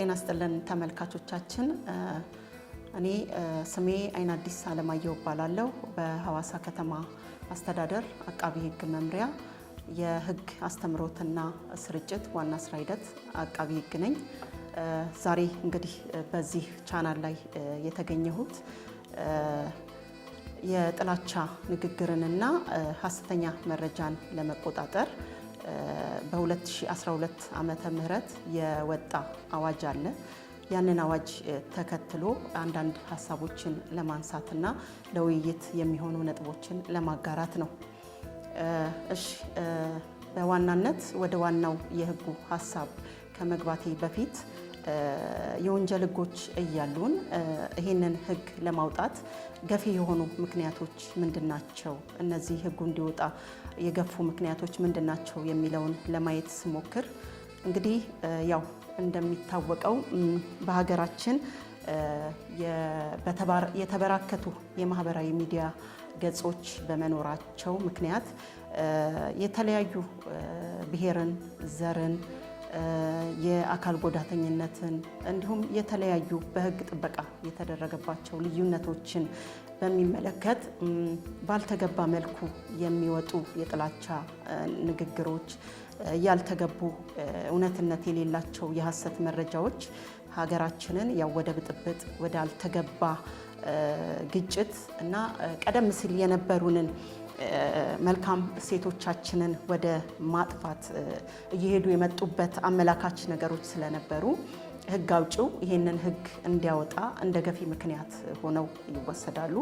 ጤና ስጥልን ተመልካቾቻችን። እኔ ስሜ አይን አዲስ አለማየሁ እባላለሁ። በሐዋሳ ከተማ አስተዳደር አቃቢ ሕግ መምሪያ የሕግ አስተምሮትና ስርጭት ዋና ስራ ሂደት አቃቢ ሕግ ነኝ። ዛሬ እንግዲህ በዚህ ቻናል ላይ የተገኘሁት የጥላቻ ንግግርንና ሐሰተኛ መረጃን ለመቆጣጠር በ2012 ዓመተ ምህረት የወጣ አዋጅ አለ። ያንን አዋጅ ተከትሎ አንዳንድ ሀሳቦችን ለማንሳትና ለውይይት የሚሆኑ ነጥቦችን ለማጋራት ነው። እሺ በዋናነት ወደ ዋናው የህጉ ሀሳብ ከመግባቴ በፊት የወንጀል ህጎች እያሉን ይህንን ህግ ለማውጣት ገፊ የሆኑ ምክንያቶች ምንድናቸው? እነዚህ ህጉ እንዲወጣ የገፉ ምክንያቶች ምንድናቸው? የሚለውን ለማየት ስሞክር እንግዲህ ያው እንደሚታወቀው በሀገራችን የተበራከቱ የማህበራዊ ሚዲያ ገጾች በመኖራቸው ምክንያት የተለያዩ ብሔርን፣ ዘርን የአካል ጉዳተኝነትን እንዲሁም የተለያዩ በህግ ጥበቃ የተደረገባቸው ልዩነቶችን በሚመለከት ባልተገባ መልኩ የሚወጡ የጥላቻ ንግግሮች፣ ያልተገቡ እውነትነት የሌላቸው የሀሰት መረጃዎች ሀገራችንን ያው ወደ ብጥብጥ ወደ አልተገባ ግጭት እና ቀደም ሲል የነበሩንን መልካም ሴቶቻችንን ወደ ማጥፋት እየሄዱ የመጡበት አመላካች ነገሮች ስለነበሩ ሕግ አውጪው ይህንን ሕግ እንዲያወጣ እንደ ገፊ ምክንያት ሆነው ይወሰዳሉ።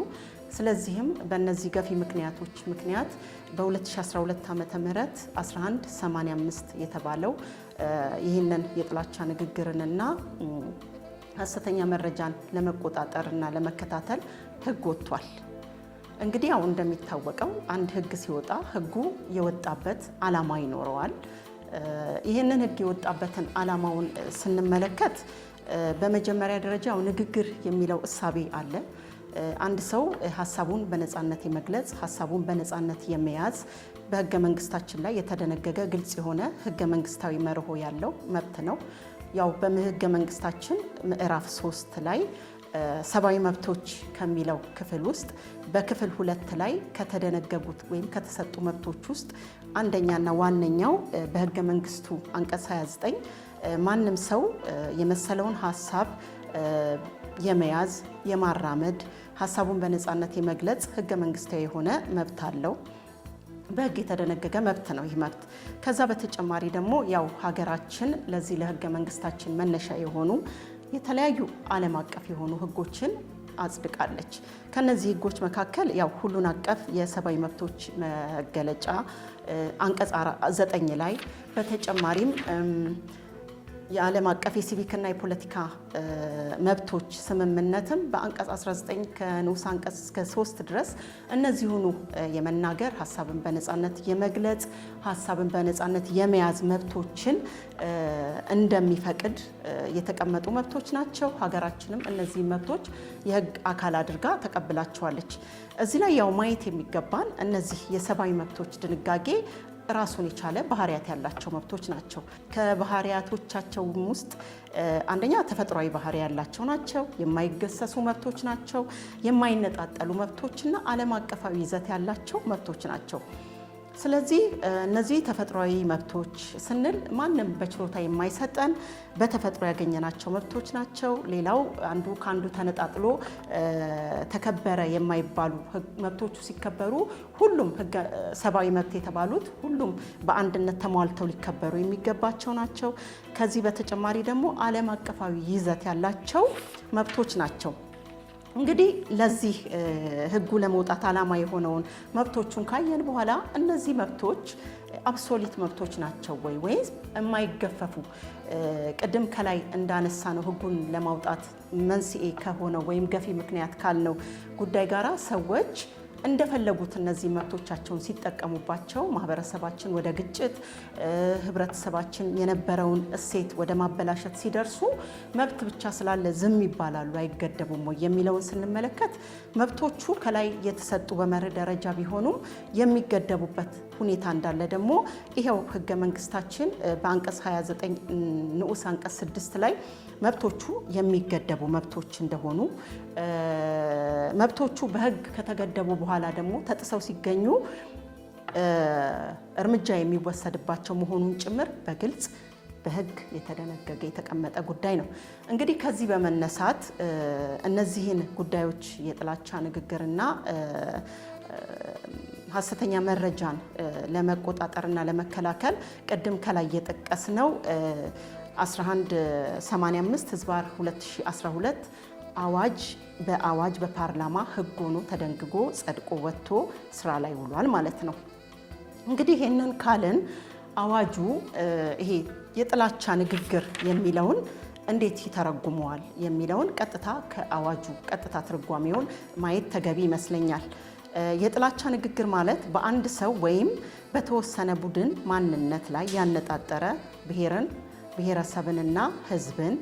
ስለዚህም በእነዚህ ገፊ ምክንያቶች ምክንያት በ2012 ዓ ም 1185 የተባለው ይህንን የጥላቻ ንግግርንና ሐሰተኛ መረጃን ለመቆጣጠርና ለመከታተል ሕግ ወጥቷል። እንግዲህ አሁን እንደሚታወቀው አንድ ህግ ሲወጣ ህጉ የወጣበት ዓላማ ይኖረዋል። ይህንን ህግ የወጣበትን ዓላማውን ስንመለከት በመጀመሪያ ደረጃ ንግግር የሚለው እሳቤ አለ። አንድ ሰው ሀሳቡን በነፃነት የመግለጽ ሀሳቡን በነፃነት የመያዝ በህገ መንግስታችን ላይ የተደነገገ ግልጽ የሆነ ህገ መንግስታዊ መርሆ ያለው መብት ነው። ያው በህገ መንግስታችን ምዕራፍ ሶስት ላይ ሰብአዊ መብቶች ከሚለው ክፍል ውስጥ በክፍል ሁለት ላይ ከተደነገጉት ወይም ከተሰጡ መብቶች ውስጥ አንደኛና ዋነኛው በህገ መንግስቱ አንቀጽ 29 ማንም ሰው የመሰለውን ሀሳብ የመያዝ የማራመድ ሀሳቡን በነፃነት የመግለጽ ህገ መንግስታዊ የሆነ መብት አለው። በህግ የተደነገገ መብት ነው ይህ መብት። ከዛ በተጨማሪ ደግሞ ያው ሀገራችን ለዚህ ለህገ መንግስታችን መነሻ የሆኑ የተለያዩ ዓለም አቀፍ የሆኑ ህጎችን አጽድቃለች። ከነዚህ ህጎች መካከል ያው ሁሉን አቀፍ የሰብአዊ መብቶች መገለጫ አንቀጽ ዘጠኝ ላይ በተጨማሪም የዓለም አቀፍ የሲቪክና የፖለቲካ መብቶች ስምምነትም በአንቀጽ 19 ከንዑስ አንቀጽ እስከ 3 ድረስ እነዚሁኑ የመናገር ሀሳብን በነፃነት የመግለጽ ሀሳብን በነፃነት የመያዝ መብቶችን እንደሚፈቅድ የተቀመጡ መብቶች ናቸው። ሀገራችንም እነዚህ መብቶች የህግ አካል አድርጋ ተቀብላቸዋለች። እዚህ ላይ ያው ማየት የሚገባን እነዚህ የሰብአዊ መብቶች ድንጋጌ ራሱን የቻለ ባህሪያት ያላቸው መብቶች ናቸው። ከባህሪያቶቻቸውም ውስጥ አንደኛ ተፈጥሯዊ ባህሪ ያላቸው ናቸው፣ የማይገሰሱ መብቶች ናቸው፣ የማይነጣጠሉ መብቶችና ዓለም አቀፋዊ ይዘት ያላቸው መብቶች ናቸው። ስለዚህ እነዚህ ተፈጥሯዊ መብቶች ስንል ማንም በችሮታ የማይሰጠን በተፈጥሮ ያገኘናቸው መብቶች ናቸው። ሌላው አንዱ ከአንዱ ተነጣጥሎ ተከበረ የማይባሉ መብቶቹ ሲከበሩ ሁሉም ሰብአዊ መብት የተባሉት ሁሉም በአንድነት ተሟልተው ሊከበሩ የሚገባቸው ናቸው። ከዚህ በተጨማሪ ደግሞ ዓለም አቀፋዊ ይዘት ያላቸው መብቶች ናቸው። እንግዲህ ለዚህ ህጉ ለመውጣት ዓላማ የሆነውን መብቶቹን ካየን በኋላ እነዚህ መብቶች አብሶሊት መብቶች ናቸው ወይ ወይስ የማይገፈፉ ቅድም ከላይ እንዳነሳ ነው ህጉን ለማውጣት መንስኤ ከሆነው ወይም ገፊ ምክንያት ካልነው ጉዳይ ጋራ ሰዎች እንደፈለጉት እነዚህ መብቶቻቸውን ሲጠቀሙባቸው ማህበረሰባችን ወደ ግጭት፣ ህብረተሰባችን የነበረውን እሴት ወደ ማበላሸት ሲደርሱ መብት ብቻ ስላለ ዝም ይባላሉ አይገደቡም ወይ የሚለውን ስንመለከት መብቶቹ ከላይ የተሰጡ በመርህ ደረጃ ቢሆኑም የሚገደቡበት ሁኔታ እንዳለ ደግሞ ይኸው ህገ መንግስታችን በአንቀጽ 29 ንዑስ አንቀጽ 6 ላይ መብቶቹ የሚገደቡ መብቶች እንደሆኑ መብቶቹ በህግ ከተገደቡ በኋላ በኋላ ደግሞ ተጥሰው ሲገኙ እርምጃ የሚወሰድባቸው መሆኑን ጭምር በግልጽ በሕግ የተደነገገ የተቀመጠ ጉዳይ ነው። እንግዲህ ከዚህ በመነሳት እነዚህን ጉዳዮች የጥላቻ ንግግርና ሀሰተኛ መረጃን ለመቆጣጠርና ለመከላከል ቅድም ከላይ የጠቀስ ነው 1185 ህዝባር 2012 አዋጅ በአዋጅ በፓርላማ ህግ ሆኖ ተደንግጎ ጸድቆ ወጥቶ ስራ ላይ ውሏል ማለት ነው። እንግዲህ ይህንን ካልን አዋጁ ይሄ የጥላቻ ንግግር የሚለውን እንዴት ይተረጉመዋል የሚለውን ቀጥታ ከአዋጁ ቀጥታ ትርጓሜውን ማየት ተገቢ ይመስለኛል። የጥላቻ ንግግር ማለት በአንድ ሰው ወይም በተወሰነ ቡድን ማንነት ላይ ያነጣጠረ ብሔርን፣ ብሔረሰብንና ህዝብን፣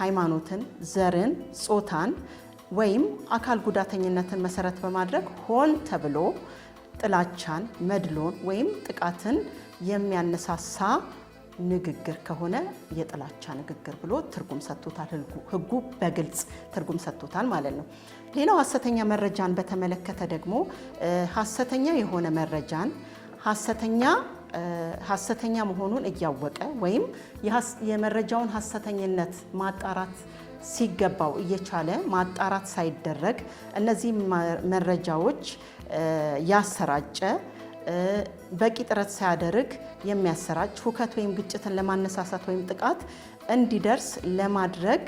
ሃይማኖትን፣ ዘርን፣ ጾታን ወይም አካል ጉዳተኝነትን መሰረት በማድረግ ሆን ተብሎ ጥላቻን፣ መድሎን ወይም ጥቃትን የሚያነሳሳ ንግግር ከሆነ የጥላቻ ንግግር ብሎ ትርጉም ሰጥቶታል። ህጉ በግልጽ ትርጉም ሰጥቶታል ማለት ነው። ሌላው ሀሰተኛ መረጃን በተመለከተ ደግሞ ሀሰተኛ የሆነ መረጃን ሀሰተኛ ሀሰተኛ መሆኑን እያወቀ ወይም የመረጃውን ሀሰተኝነት ማጣራት ሲገባው እየቻለ ማጣራት ሳይደረግ እነዚህ መረጃዎች ያሰራጨ በቂ ጥረት ሳያደርግ የሚያሰራጭ ሁከት ወይም ግጭትን ለማነሳሳት ወይም ጥቃት እንዲደርስ ለማድረግ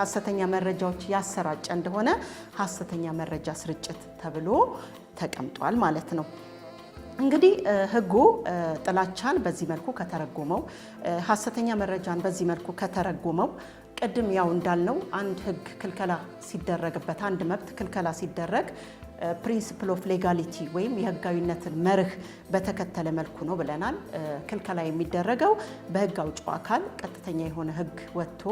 ሀሰተኛ መረጃዎች ያሰራጨ እንደሆነ ሀሰተኛ መረጃ ስርጭት ተብሎ ተቀምጧል ማለት ነው። እንግዲህ ሕጉ ጥላቻን በዚህ መልኩ ከተረጎመው ሀሰተኛ መረጃን በዚህ መልኩ ከተረጎመው ቅድም ያው እንዳልነው አንድ ህግ ክልከላ ሲደረግበት አንድ መብት ክልከላ ሲደረግ ፕሪንስፕል ኦፍ ሌጋሊቲ ወይም የህጋዊነትን መርህ በተከተለ መልኩ ነው ብለናል። ክልከላ የሚደረገው በህግ አውጪው አካል ቀጥተኛ የሆነ ህግ ወጥቶ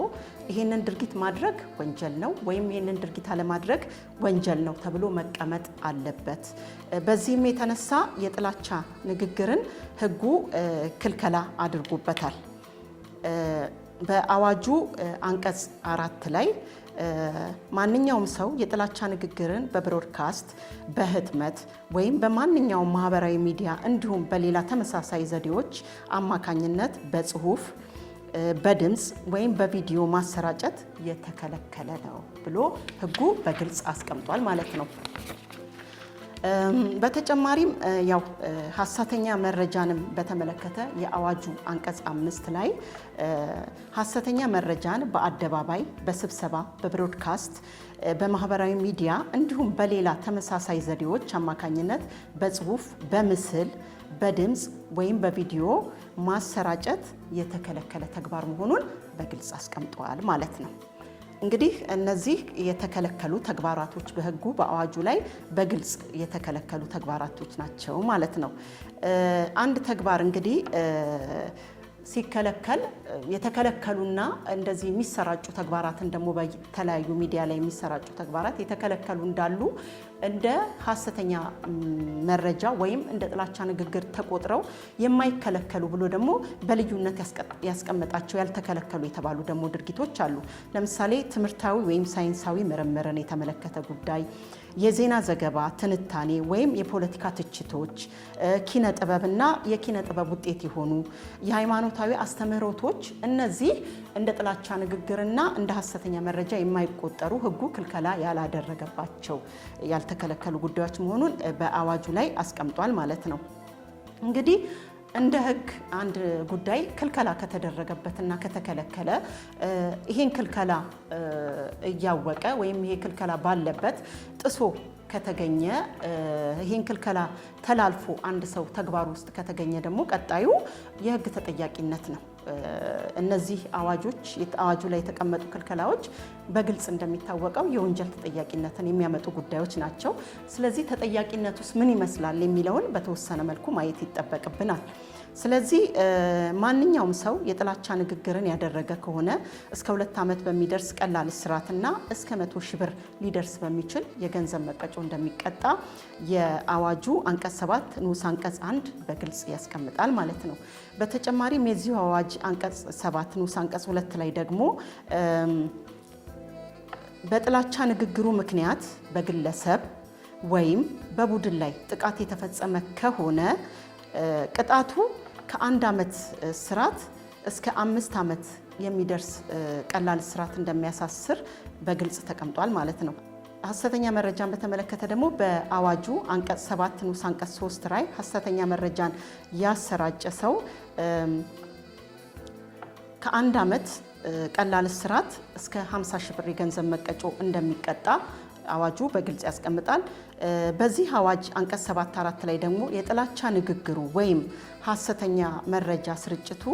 ይህንን ድርጊት ማድረግ ወንጀል ነው ወይም ይህንን ድርጊት አለማድረግ ወንጀል ነው ተብሎ መቀመጥ አለበት። በዚህም የተነሳ የጥላቻ ንግግርን ህጉ ክልከላ አድርጎበታል። በአዋጁ አንቀጽ አራት ላይ ማንኛውም ሰው የጥላቻ ንግግርን በብሮድካስት በህትመት ወይም በማንኛውም ማህበራዊ ሚዲያ እንዲሁም በሌላ ተመሳሳይ ዘዴዎች አማካኝነት በጽሁፍ በድምፅ ወይም በቪዲዮ ማሰራጨት የተከለከለ ነው ብሎ ህጉ በግልጽ አስቀምጧል ማለት ነው። በተጨማሪም ያው ሀሰተኛ መረጃንም በተመለከተ የአዋጁ አንቀጽ አምስት ላይ ሀሰተኛ መረጃን በአደባባይ፣ በስብሰባ፣ በብሮድካስት፣ በማህበራዊ ሚዲያ እንዲሁም በሌላ ተመሳሳይ ዘዴዎች አማካኝነት በጽሁፍ፣ በምስል፣ በድምፅ ወይም በቪዲዮ ማሰራጨት የተከለከለ ተግባር መሆኑን በግልጽ አስቀምጠዋል ማለት ነው። እንግዲህ እነዚህ የተከለከሉ ተግባራቶች በህጉ በአዋጁ ላይ በግልጽ የተከለከሉ ተግባራቶች ናቸው ማለት ነው። አንድ ተግባር እንግዲህ ሲከለከል የተከለከሉና እንደዚህ የሚሰራጩ ተግባራትን ደግሞ በተለያዩ ሚዲያ ላይ የሚሰራጩ ተግባራት የተከለከሉ እንዳሉ እንደ ሀሰተኛ መረጃ ወይም እንደ ጥላቻ ንግግር ተቆጥረው የማይከለከሉ ብሎ ደግሞ በልዩነት ያስቀመጣቸው ያልተከለከሉ የተባሉ ደግሞ ድርጊቶች አሉ። ለምሳሌ ትምህርታዊ ወይም ሳይንሳዊ ምርምርን የተመለከተ ጉዳይ የዜና ዘገባ፣ ትንታኔ ወይም የፖለቲካ ትችቶች፣ ኪነ ጥበብና የኪነ ጥበብ ውጤት የሆኑ የሃይማኖታዊ አስተምህሮቶች፣ እነዚህ እንደ ጥላቻ ንግግርና እንደ ሀሰተኛ መረጃ የማይቆጠሩ ህጉ ክልከላ ያላደረገባቸው ያልተከለከሉ ጉዳዮች መሆኑን በአዋጁ ላይ አስቀምጧል ማለት ነው እንግዲህ እንደ ህግ አንድ ጉዳይ ክልከላ ከተደረገበትና ከተከለከለ ይሄን ክልከላ እያወቀ ወይም ይሄ ክልከላ ባለበት ጥሶ ከተገኘ ይህን ክልከላ ተላልፎ አንድ ሰው ተግባር ውስጥ ከተገኘ ደግሞ ቀጣዩ የህግ ተጠያቂነት ነው። እነዚህ አዋጆች አዋጁ ላይ የተቀመጡ ክልከላዎች በግልጽ እንደሚታወቀው የወንጀል ተጠያቂነትን የሚያመጡ ጉዳዮች ናቸው። ስለዚህ ተጠያቂነት ውስጥ ምን ይመስላል የሚለውን በተወሰነ መልኩ ማየት ይጠበቅብናል። ስለዚህ ማንኛውም ሰው የጥላቻ ንግግርን ያደረገ ከሆነ እስከ ሁለት ዓመት በሚደርስ ቀላል እስራትና እስከ መቶ ሺህ ብር ሊደርስ በሚችል የገንዘብ መቀጮ እንደሚቀጣ የአዋጁ አንቀጽ 7 ንዑስ አንቀጽ 1 በግልጽ ያስቀምጣል ማለት ነው። በተጨማሪም የዚሁ አዋጅ አንቀጽ 7 ንዑስ አንቀጽ 2 ላይ ደግሞ በጥላቻ ንግግሩ ምክንያት በግለሰብ ወይም በቡድን ላይ ጥቃት የተፈጸመ ከሆነ ቅጣቱ ከአንድ ዓመት እስራት እስከ አምስት ዓመት የሚደርስ ቀላል እስራት እንደሚያሳስር በግልጽ ተቀምጧል ማለት ነው። ሐሰተኛ መረጃን በተመለከተ ደግሞ በአዋጁ አንቀጽ 7 ንዑስ አንቀጽ 3 ላይ ሐሰተኛ መረጃን ያሰራጨ ሰው ከአንድ ዓመት ቀላል እስራት እስከ 50 ሺህ ብር የገንዘብ መቀጮ እንደሚቀጣ አዋጁ በግልጽ ያስቀምጣል። በዚህ አዋጅ አንቀጽ 74 ላይ ደግሞ የጥላቻ ንግግሩ ወይም ሀሰተኛ መረጃ ስርጭቱ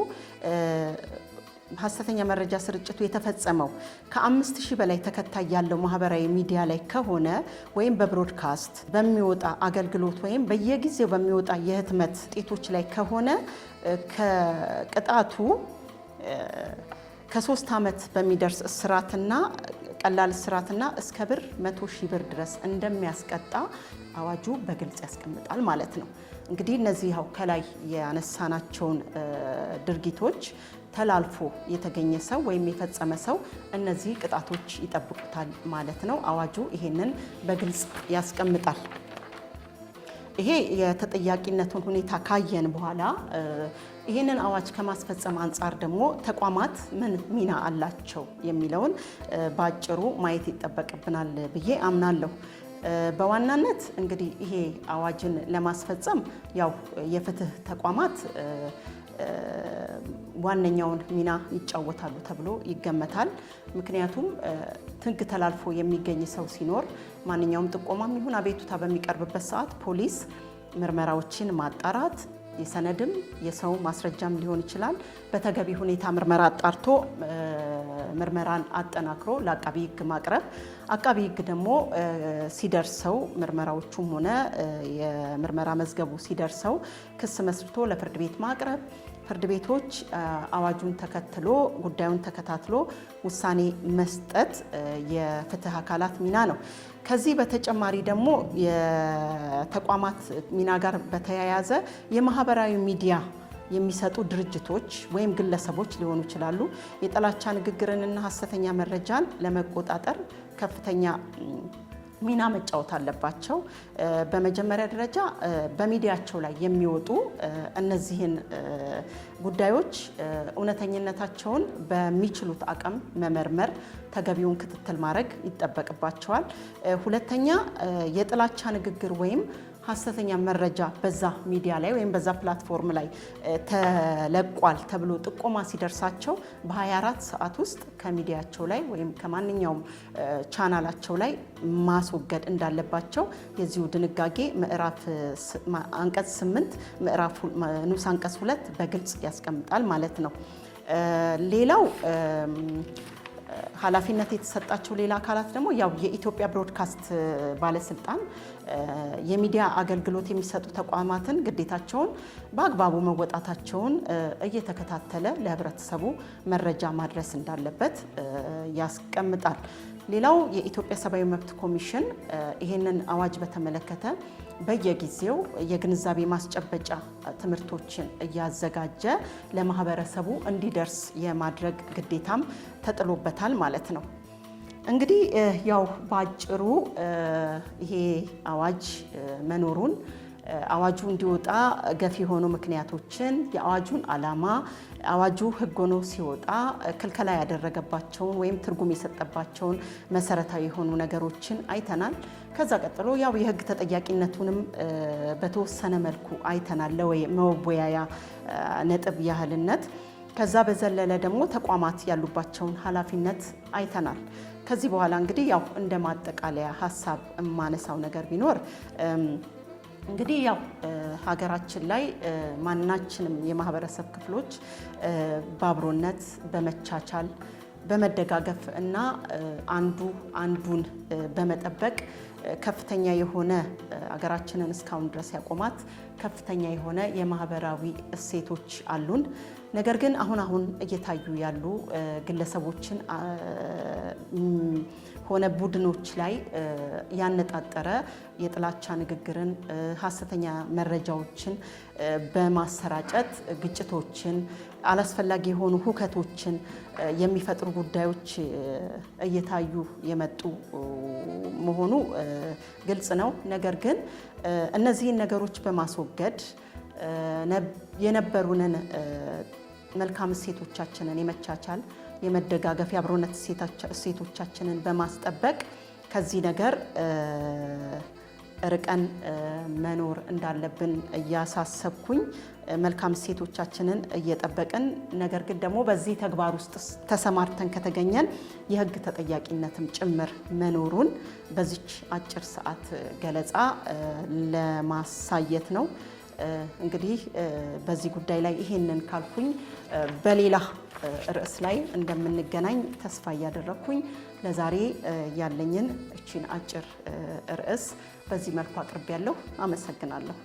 ሀሰተኛ መረጃ ስርጭቱ የተፈጸመው ከአምስት ሺህ በላይ ተከታይ ያለው ማህበራዊ ሚዲያ ላይ ከሆነ ወይም በብሮድካስት በሚወጣ አገልግሎት ወይም በየጊዜው በሚወጣ የህትመት ውጤቶች ላይ ከሆነ ከቅጣቱ ከሶስት ዓመት በሚደርስ እስራትና ቀላል እስራትና እስከ ብር መቶ ሺህ ብር ድረስ እንደሚያስቀጣ አዋጁ በግልጽ ያስቀምጣል ማለት ነው። እንግዲህ እነዚህ ያው ከላይ ያነሳናቸውን ድርጊቶች ተላልፎ የተገኘ ሰው ወይም የፈጸመ ሰው እነዚህ ቅጣቶች ይጠብቁታል ማለት ነው። አዋጁ ይሄንን በግልጽ ያስቀምጣል። ይሄ የተጠያቂነቱን ሁኔታ ካየን በኋላ ይህንን አዋጅ ከማስፈጸም አንጻር ደግሞ ተቋማት ምን ሚና አላቸው የሚለውን በአጭሩ ማየት ይጠበቅብናል ብዬ አምናለሁ። በዋናነት እንግዲህ ይሄ አዋጅን ለማስፈጸም ያው የፍትህ ተቋማት ዋነኛውን ሚና ይጫወታሉ ተብሎ ይገመታል። ምክንያቱም ሕግ ተላልፎ የሚገኝ ሰው ሲኖር ማንኛውም ጥቆማም ይሁን አቤቱታ በሚቀርብበት ሰዓት ፖሊስ ምርመራዎችን ማጣራት የሰነድም የሰው ማስረጃም ሊሆን ይችላል። በተገቢ ሁኔታ ምርመራ አጣርቶ ምርመራን አጠናክሮ ለአቃቢ ሕግ ማቅረብ አቃቢ ሕግ ደግሞ ሲደርሰው ምርመራዎቹም ሆነ የምርመራ መዝገቡ ሲደርሰው ክስ መስርቶ ለፍርድ ቤት ማቅረብ ፍርድ ቤቶች አዋጁን ተከትሎ ጉዳዩን ተከታትሎ ውሳኔ መስጠት የፍትህ አካላት ሚና ነው። ከዚህ በተጨማሪ ደግሞ የተቋማት ሚና ጋር በተያያዘ የማህበራዊ ሚዲያ የሚሰጡ ድርጅቶች ወይም ግለሰቦች ሊሆኑ ይችላሉ። የጥላቻ ንግግርንና ሀሰተኛ መረጃን ለመቆጣጠር ከፍተኛ ሚና መጫወት አለባቸው። በመጀመሪያ ደረጃ በሚዲያቸው ላይ የሚወጡ እነዚህን ጉዳዮች እውነተኝነታቸውን በሚችሉት አቅም መመርመር፣ ተገቢውን ክትትል ማድረግ ይጠበቅባቸዋል። ሁለተኛ የጥላቻ ንግግር ወይም ሀሰተኛ መረጃ በዛ ሚዲያ ላይ ወይም በዛ ፕላትፎርም ላይ ተለቋል ተብሎ ጥቆማ ሲደርሳቸው በ24 ሰዓት ውስጥ ከሚዲያቸው ላይ ወይም ከማንኛውም ቻናላቸው ላይ ማስወገድ እንዳለባቸው የዚሁ ድንጋጌ ምዕራፍ አንቀጽ 8 ንዑስ አንቀጽ 2 በግልጽ ያስቀምጣል ማለት ነው። ሌላው ኃላፊነት የተሰጣቸው ሌላ አካላት ደግሞ ያው የኢትዮጵያ ብሮድካስት ባለስልጣን የሚዲያ አገልግሎት የሚሰጡ ተቋማትን ግዴታቸውን በአግባቡ መወጣታቸውን እየተከታተለ ለህብረተሰቡ መረጃ ማድረስ እንዳለበት ያስቀምጣል። ሌላው የኢትዮጵያ ሰብአዊ መብት ኮሚሽን ይህንን አዋጅ በተመለከተ በየጊዜው የግንዛቤ ማስጨበጫ ትምህርቶችን እያዘጋጀ ለማህበረሰቡ እንዲደርስ የማድረግ ግዴታም ተጥሎበታል ማለት ነው። እንግዲህ ያው ባጭሩ ይሄ አዋጅ መኖሩን አዋጁ እንዲወጣ ገፊ የሆኑ ምክንያቶችን፣ የአዋጁን ዓላማ፣ አዋጁ ሕግ ሆኖ ሲወጣ ክልከላ ያደረገባቸውን ወይም ትርጉም የሰጠባቸውን መሰረታዊ የሆኑ ነገሮችን አይተናል። ከዛ ቀጥሎ ያው የሕግ ተጠያቂነቱንም በተወሰነ መልኩ አይተናል። ለወይ መወያያ ነጥብ ያህልነት ከዛ በዘለለ ደግሞ ተቋማት ያሉባቸውን ኃላፊነት አይተናል። ከዚህ በኋላ እንግዲህ ያው እንደ ማጠቃለያ ሀሳብ የማነሳው ነገር ቢኖር እንግዲህ ያው ሀገራችን ላይ ማናችንም የማህበረሰብ ክፍሎች በአብሮነት በመቻቻል በመደጋገፍ እና አንዱ አንዱን በመጠበቅ ከፍተኛ የሆነ አገራችንን እስካሁን ድረስ ያቆማት ከፍተኛ የሆነ የማህበራዊ እሴቶች አሉን። ነገር ግን አሁን አሁን እየታዩ ያሉ ግለሰቦችን ሆነ ቡድኖች ላይ ያነጣጠረ የጥላቻ ንግግርን፣ ሀሰተኛ መረጃዎችን በማሰራጨት ግጭቶችን አላስፈላጊ የሆኑ ሁከቶችን የሚፈጥሩ ጉዳዮች እየታዩ የመጡ መሆኑ ግልጽ ነው። ነገር ግን እነዚህን ነገሮች በማስወገድ የነበሩንን መልካም እሴቶቻችንን የመቻቻል፣ የመደጋገፍ፣ የአብሮነት እሴቶቻችንን በማስጠበቅ ከዚህ ነገር ርቀን መኖር እንዳለብን እያሳሰብኩኝ መልካም እሴቶቻችንን እየጠበቅን ነገር ግን ደግሞ በዚህ ተግባር ውስጥ ተሰማርተን ከተገኘን የሕግ ተጠያቂነትም ጭምር መኖሩን በዚች አጭር ሰዓት ገለጻ ለማሳየት ነው። እንግዲህ በዚህ ጉዳይ ላይ ይሄንን ካልኩኝ በሌላ ርዕስ ላይ እንደምንገናኝ ተስፋ እያደረግኩኝ ለዛሬ ያለኝን እችን አጭር ርዕስ በዚህ መልኩ አቅርቤያለሁ። አመሰግናለሁ።